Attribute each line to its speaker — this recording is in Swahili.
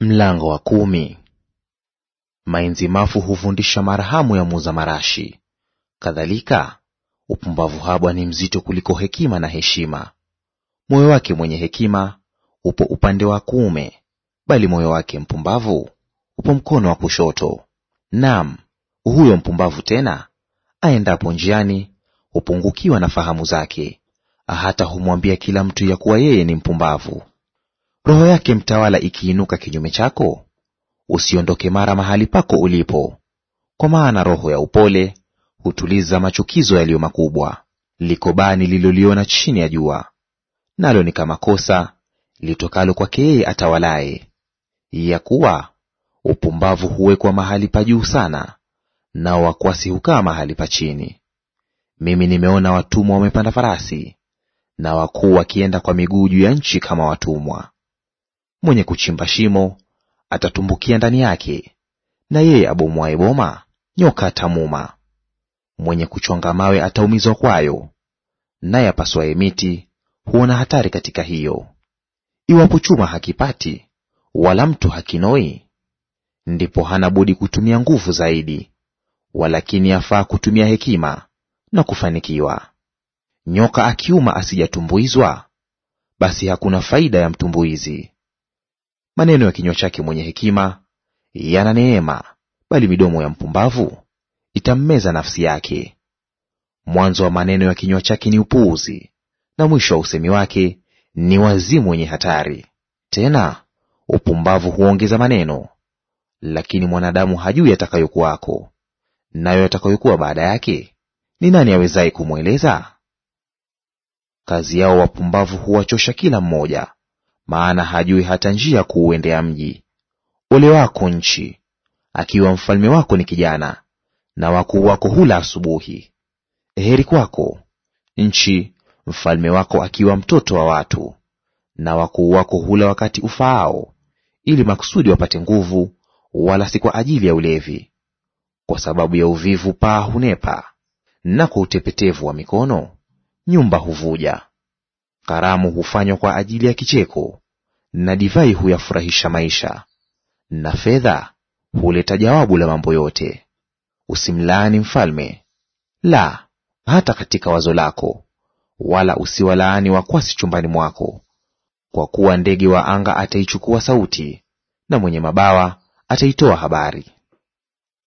Speaker 1: Mlango wa kumi. Mainzi mafu hufundisha marhamu ya muuza marashi, kadhalika upumbavu habwa ni mzito kuliko hekima na heshima. Moyo wake mwenye hekima upo upande wa kuume, bali moyo wake mpumbavu upo mkono wa kushoto. Naam, huyo mpumbavu tena aendapo njiani hupungukiwa na fahamu zake, hata humwambia kila mtu ya kuwa yeye ni mpumbavu roho yake mtawala ikiinuka kinyume chako, usiondoke mara mahali pako ulipo, kwa maana roho ya upole hutuliza machukizo yaliyo makubwa. Liko bani lililoliona chini ya jua, nalo ni kama kosa litokalo kwake yeye atawalaye, ya kuwa upumbavu huwekwa mahali pa juu sana, nao wakwasi hukaa mahali pa chini. Mimi nimeona watumwa wamepanda farasi na wakuu wakienda kwa miguu juu ya nchi kama watumwa. Mwenye kuchimba shimo atatumbukia ndani yake, na yeye abomwaye boma nyoka atamuma. Mwenye kuchonga mawe ataumizwa kwayo, naye apaswaye miti huona hatari katika hiyo. Iwapo chuma hakipati wala mtu hakinoi, ndipo hana budi kutumia nguvu zaidi, walakini yafaa kutumia hekima na kufanikiwa. Nyoka akiuma asijatumbuizwa, basi hakuna faida ya mtumbuizi. Maneno ya kinywa chake mwenye hekima yana neema, bali midomo ya mpumbavu itammeza nafsi yake. Mwanzo wa maneno ya kinywa chake ni upuuzi, na mwisho wa usemi wake ni wazimu wenye hatari. Tena upumbavu huongeza maneno, lakini mwanadamu hajui atakayokuwako Nayo atakayokuwa baada yake ni nani awezaye kumweleza? Kazi yao wapumbavu huwachosha kila mmoja, maana hajui hata njia kuuendea mji. Ole wako nchi, akiwa mfalme wako ni kijana, na wakuu wako hula asubuhi. Heri kwako nchi, mfalme wako akiwa mtoto wa watu, na wakuu wako hula wakati ufaao, ili makusudi wapate nguvu, wala si kwa ajili ya ulevi. Kwa sababu ya uvivu paa hunepa, na kwa utepetevu wa mikono nyumba huvuja. Karamu hufanywa kwa ajili ya kicheko, na divai huyafurahisha maisha, na fedha huleta jawabu la mambo yote. Usimlaani mfalme, la hata katika wazo lako, wala usiwalaani wakwasi chumbani mwako. Kwa kuwa ndege wa anga ataichukua sauti, na mwenye mabawa ataitoa habari.